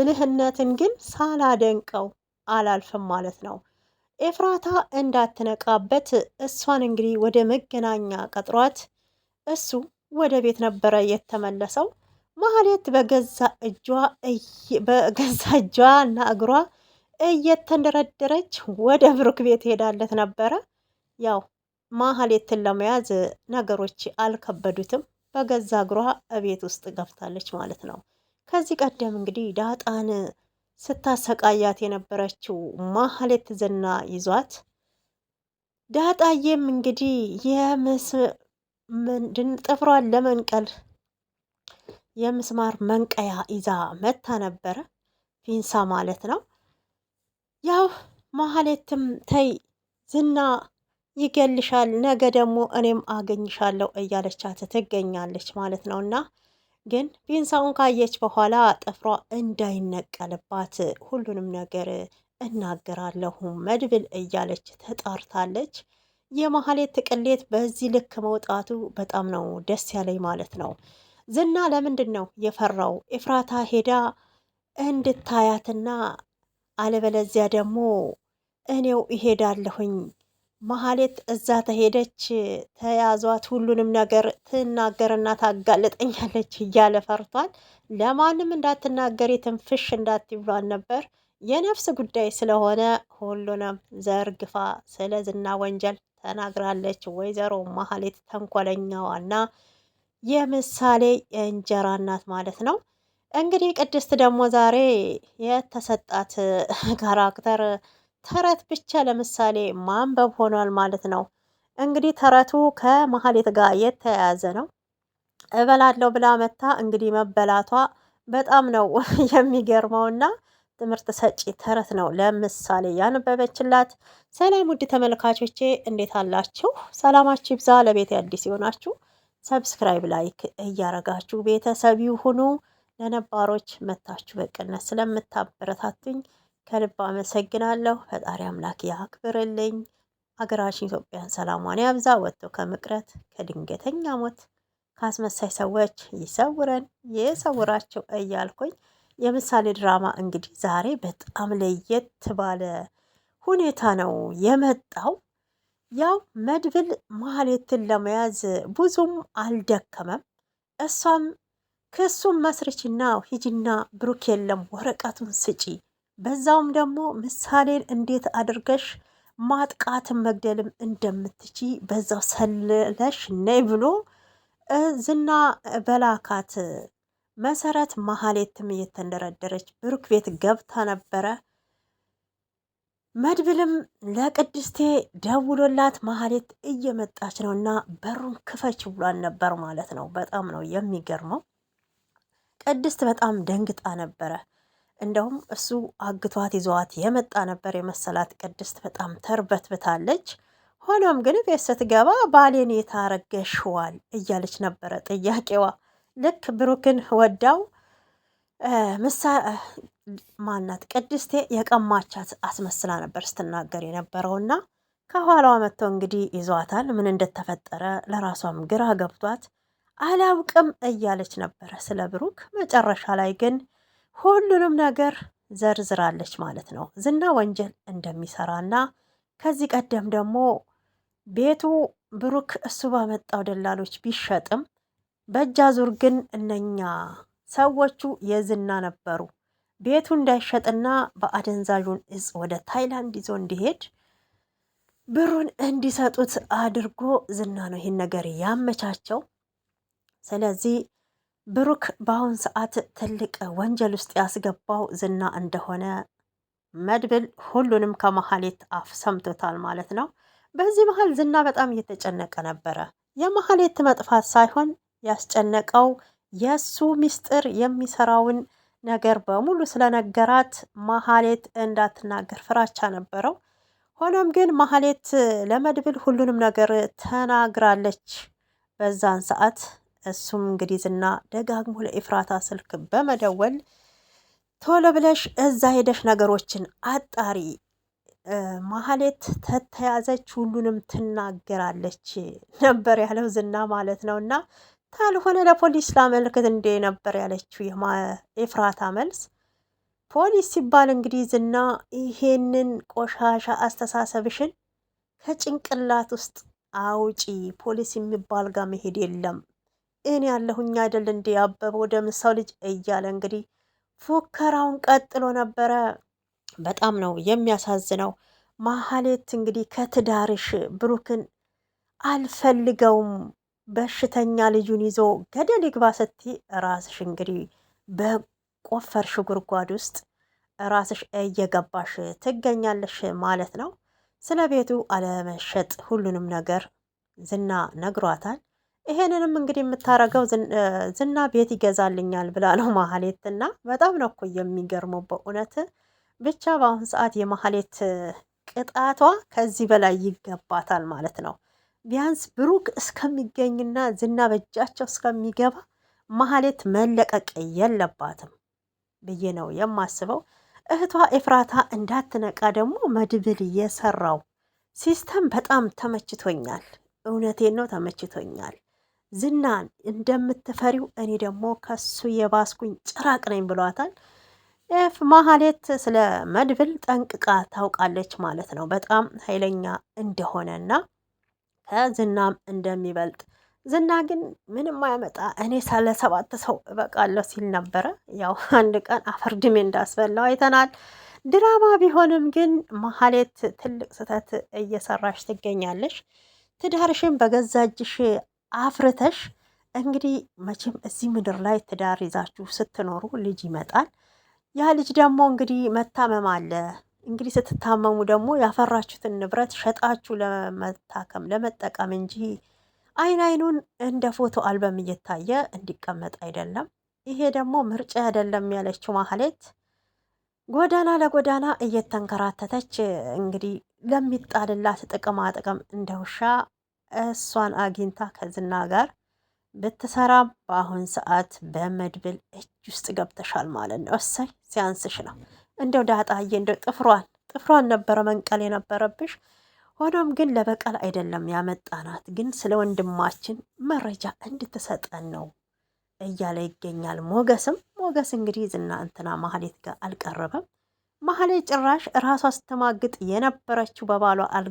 ብልህነትን ግን ሳላደንቀው አላልፍም ማለት ነው። ኤፍራታ እንዳትነቃበት እሷን እንግዲህ ወደ መገናኛ ቀጥሯት እሱ ወደ ቤት ነበረ የተመለሰው። ማህሌት በገዛ እጇ በገዛ እጇ እና እግሯ እየተንደረደረች ወደ ብሩክ ቤት ሄዳለት ነበረ። ያው ማህሌትን ለመያዝ ነገሮች አልከበዱትም። በገዛ እግሯ እቤት ውስጥ ገብታለች ማለት ነው። ከዚህ ቀደም እንግዲህ ዳጣን ስታሰቃያት የነበረችው ማህሌት ዝና ይዟት ዳጣዬም እንግዲህ የምስ ምንድን ጥፍሯን ለመንቀል የምስማር መንቀያ ይዛ መታ ነበረ። ፊንሳ ማለት ነው። ያው ማህሌትም ተይ ዝና ይገልሻል፣ ነገ ደግሞ እኔም አገኝሻለሁ እያለቻት ትገኛለች ማለት ነው እና ግን ቪንሳውን ካየች በኋላ ጥፍሯ እንዳይነቀልባት ሁሉንም ነገር እናገራለሁ መድብል እያለች ተጣርታለች። የመሀሌት ቅሌት በዚህ ልክ መውጣቱ በጣም ነው ደስ ያለኝ ማለት ነው። ዝና ለምንድን ነው የፈራው? ኤፍራታ ሄዳ እንድታያትና አለበለዚያ ደግሞ እኔው እሄዳለሁኝ መሀሌት እዛ ተሄደች ተያዟት፣ ሁሉንም ነገር ትናገርና ታጋለጠኛለች እያለ ፈርቷል። ለማንም እንዳትናገሪ ትንፍሽ እንዳትብሏን ነበር የነፍስ ጉዳይ ስለሆነ ሁሉንም ዘርግፋ ስለ ዝና ወንጀል ተናግራለች። ወይዘሮ መሀሌት ተንኮለኛዋና የምሳሌ የእንጀራ እናት ማለት ነው። እንግዲህ ቅድስት ደግሞ ዛሬ የተሰጣት ካራክተር ተረት ብቻ ለምሳሌ ማንበብ ሆኗል ማለት ነው። እንግዲህ ተረቱ ከመሀሌት ጋር የተያያዘ ነው። እበላለሁ ብላ መታ እንግዲህ መበላቷ በጣም ነው የሚገርመውና ትምህርት ሰጪ ተረት ነው ለምሳሌ ያነበበችላት። ሰላም ውድ ተመልካቾቼ እንዴት አላችሁ? ሰላማችሁ ይብዛ። ለቤት አዲስ የሆናችሁ ሰብስክራይብ፣ ላይክ እያረጋችሁ ቤተሰብ ይሁኑ። ለነባሮች መታችሁ በቅነት ስለምታበረታትኝ ከልብ አመሰግናለሁ። ፈጣሪ አምላክ ያክብርልኝ። ሀገራችን ኢትዮጵያን ሰላሟን ያብዛ። ወጥቶ ከመቅረት ከድንገተኛ ሞት ካስመሳይ ሰዎች ይሰውረን፣ ይሰውራቸው እያልኩኝ የምሳሌ ድራማ እንግዲህ ዛሬ በጣም ለየት ባለ ሁኔታ ነው የመጣው። ያው መድብል ማህሌትን ለመያዝ ብዙም አልደከመም። እሷም ክሱም መስርችና ሂጂና ብሩክ የለም ወረቀቱን ስጪ በዛውም ደግሞ ምሳሌን እንዴት አድርገሽ ማጥቃትን መግደልም እንደምትቺ በዛው ሰልለሽ ነይ ብሎ ዝና በላካት መሰረት መሀሌትም እየተንደረደረች ብሩክ ቤት ገብታ ነበረ። መድብልም ለቅድስቴ ደውሎላት መሀሌት እየመጣች ነው እና በሩን ክፈች ብሏል ነበር ማለት ነው። በጣም ነው የሚገርመው። ቅድስት በጣም ደንግጣ ነበረ። እንደውም እሱ አግቷት ይዘዋት የመጣ ነበር የመሰላት ቅድስት በጣም ተርበትብታለች። ሆኖም ግን ቤት ስትገባ ባሌን የታረገሽዋል እያለች ነበረ ጥያቄዋ። ልክ ብሩክን ወዳው ምሳ ማናት ቅድስቴ የቀማቻት አስመስላ ነበር ስትናገር የነበረውና ከኋላዋ መጥቶ እንግዲህ ይዟታል። ምን እንደተፈጠረ ለራሷም ግራ ገብቷት አላውቅም እያለች ነበረ ስለ ብሩክ። መጨረሻ ላይ ግን ሁሉንም ነገር ዘርዝራለች ማለት ነው። ዝና ወንጀል እንደሚሰራና ከዚህ ቀደም ደግሞ ቤቱ ብሩክ እሱ ባመጣው ደላሎች ቢሸጥም በእጃ ዙር ግን እነኛ ሰዎቹ የዝና ነበሩ። ቤቱ እንዳይሸጥና በአደንዛዡን እጽ ወደ ታይላንድ ይዞ እንዲሄድ ብሩን እንዲሰጡት አድርጎ ዝና ነው ይህን ነገር ያመቻቸው። ስለዚህ ብሩክ በአሁን ሰዓት ትልቅ ወንጀል ውስጥ ያስገባው ዝና እንደሆነ መድብል ሁሉንም ከመሀሌት አፍ ሰምቶታል ማለት ነው። በዚህ መሀል ዝና በጣም እየተጨነቀ ነበረ። የመሀሌት መጥፋት ሳይሆን ያስጨነቀው የእሱ ሚስጥር የሚሰራውን ነገር በሙሉ ስለነገራት መሀሌት እንዳትናገር ፍራቻ ነበረው። ሆኖም ግን መሀሌት ለመድብል ሁሉንም ነገር ተናግራለች በዛን ሰዓት እሱም እንግዲህ ዝና ደጋግሞ ለኤፍራታ ስልክ በመደወል ቶሎ ብለሽ እዛ ሄደሽ ነገሮችን አጣሪ፣ ማህሌት ተተያዘች፣ ሁሉንም ትናገራለች ነበር ያለው ዝና ማለት ነው። እና ካልሆነ ለፖሊስ ላመልክት እንዴ ነበር ያለችው የኤፍራታ መልስ። ፖሊስ ሲባል እንግዲህ ዝና ይሄንን ቆሻሻ አስተሳሰብሽን ከጭንቅላት ውስጥ አውጪ፣ ፖሊስ የሚባል ጋር መሄድ የለም እኔ ያለሁኝ አይደል እንዴ አበበው ደምሳው ልጅ እያለ እንግዲህ ፉከራውን ቀጥሎ ነበረ። በጣም ነው የሚያሳዝነው። ማህሌት እንግዲህ ከትዳርሽ ብሩክን አልፈልገውም በሽተኛ ልጁን ይዞ ገደል ይግባ ስቲ ራስሽ እንግዲህ በቆፈርሽ ጉድጓድ ውስጥ ራስሽ እየገባሽ ትገኛለሽ ማለት ነው። ስለ ቤቱ አለመሸጥ ሁሉንም ነገር ዝና ነግሯታል። ይሄንንም እንግዲህ የምታረገው ዝና ቤት ይገዛልኛል ብላ ነው ማህሌት እና በጣም ነው እኮ የሚገርመው በእውነት ብቻ በአሁን ሰዓት የማህሌት ቅጣቷ ከዚህ በላይ ይገባታል ማለት ነው። ቢያንስ ብሩክ እስከሚገኝና ዝና በእጃቸው እስከሚገባ ማህሌት መለቀቅ የለባትም ብዬ ነው የማስበው። እህቷ ኤፍራታ እንዳትነቃ ደግሞ መድብል የሰራው ሲስተም በጣም ተመችቶኛል። እውነቴን ነው ተመችቶኛል። ዝናን እንደምትፈሪው እኔ ደግሞ ከሱ የባስኩኝ ጭራቅ ነኝ ብሏታል። ኤፍ ማህሌት ስለ መድብል ጠንቅቃ ታውቃለች ማለት ነው። በጣም ኃይለኛ እንደሆነና ከዝናም እንደሚበልጥ ዝና ግን ምንም አያመጣ እኔ ሳለ ሰባት ሰው እበቃለሁ ሲል ነበረ። ያው አንድ ቀን አፈርድሜ እንዳስበላው አይተናል። ድራማ ቢሆንም ግን መሀሌት ትልቅ ስህተት እየሰራሽ ትገኛለሽ። ትዳርሽን በገዛ እጅሽ አፍርተሽ እንግዲህ መቼም እዚህ ምድር ላይ ትዳር ይዛችሁ ስትኖሩ ልጅ ይመጣል። ያ ልጅ ደግሞ እንግዲህ መታመም አለ። እንግዲህ ስትታመሙ ደግሞ ያፈራችሁትን ንብረት ሸጣችሁ ለመታከም ለመጠቀም እንጂ አይን አይኑን እንደ ፎቶ አልበም እየታየ እንዲቀመጥ አይደለም። ይሄ ደግሞ ምርጫ አይደለም ያለችው ማህሌት ጎዳና ለጎዳና እየተንከራተተች እንግዲህ ለሚጣልላት ጥቅማ ጥቅም እንደ ውሻ እሷን አግኝታ ከዝና ጋር ብትሰራ በአሁን ሰዓት በመድብል እጅ ውስጥ ገብተሻል ማለት ነው። እሰይ ሲያንስሽ ነው። እንደው ዳጣዬ እንደው ጥፍሯን ጥፍሯን ነበረ መንቀል የነበረብሽ። ሆኖም ግን ለበቀል አይደለም ያመጣናት፣ ግን ስለ ወንድማችን መረጃ እንድትሰጠን ነው እያለ ይገኛል። ሞገስም ሞገስ እንግዲህ ዝና እንትና ማህሌት ጋር አልቀረበም። ማህሌት ጭራሽ ራሷ ስትማግጥ የነበረችው በባሏ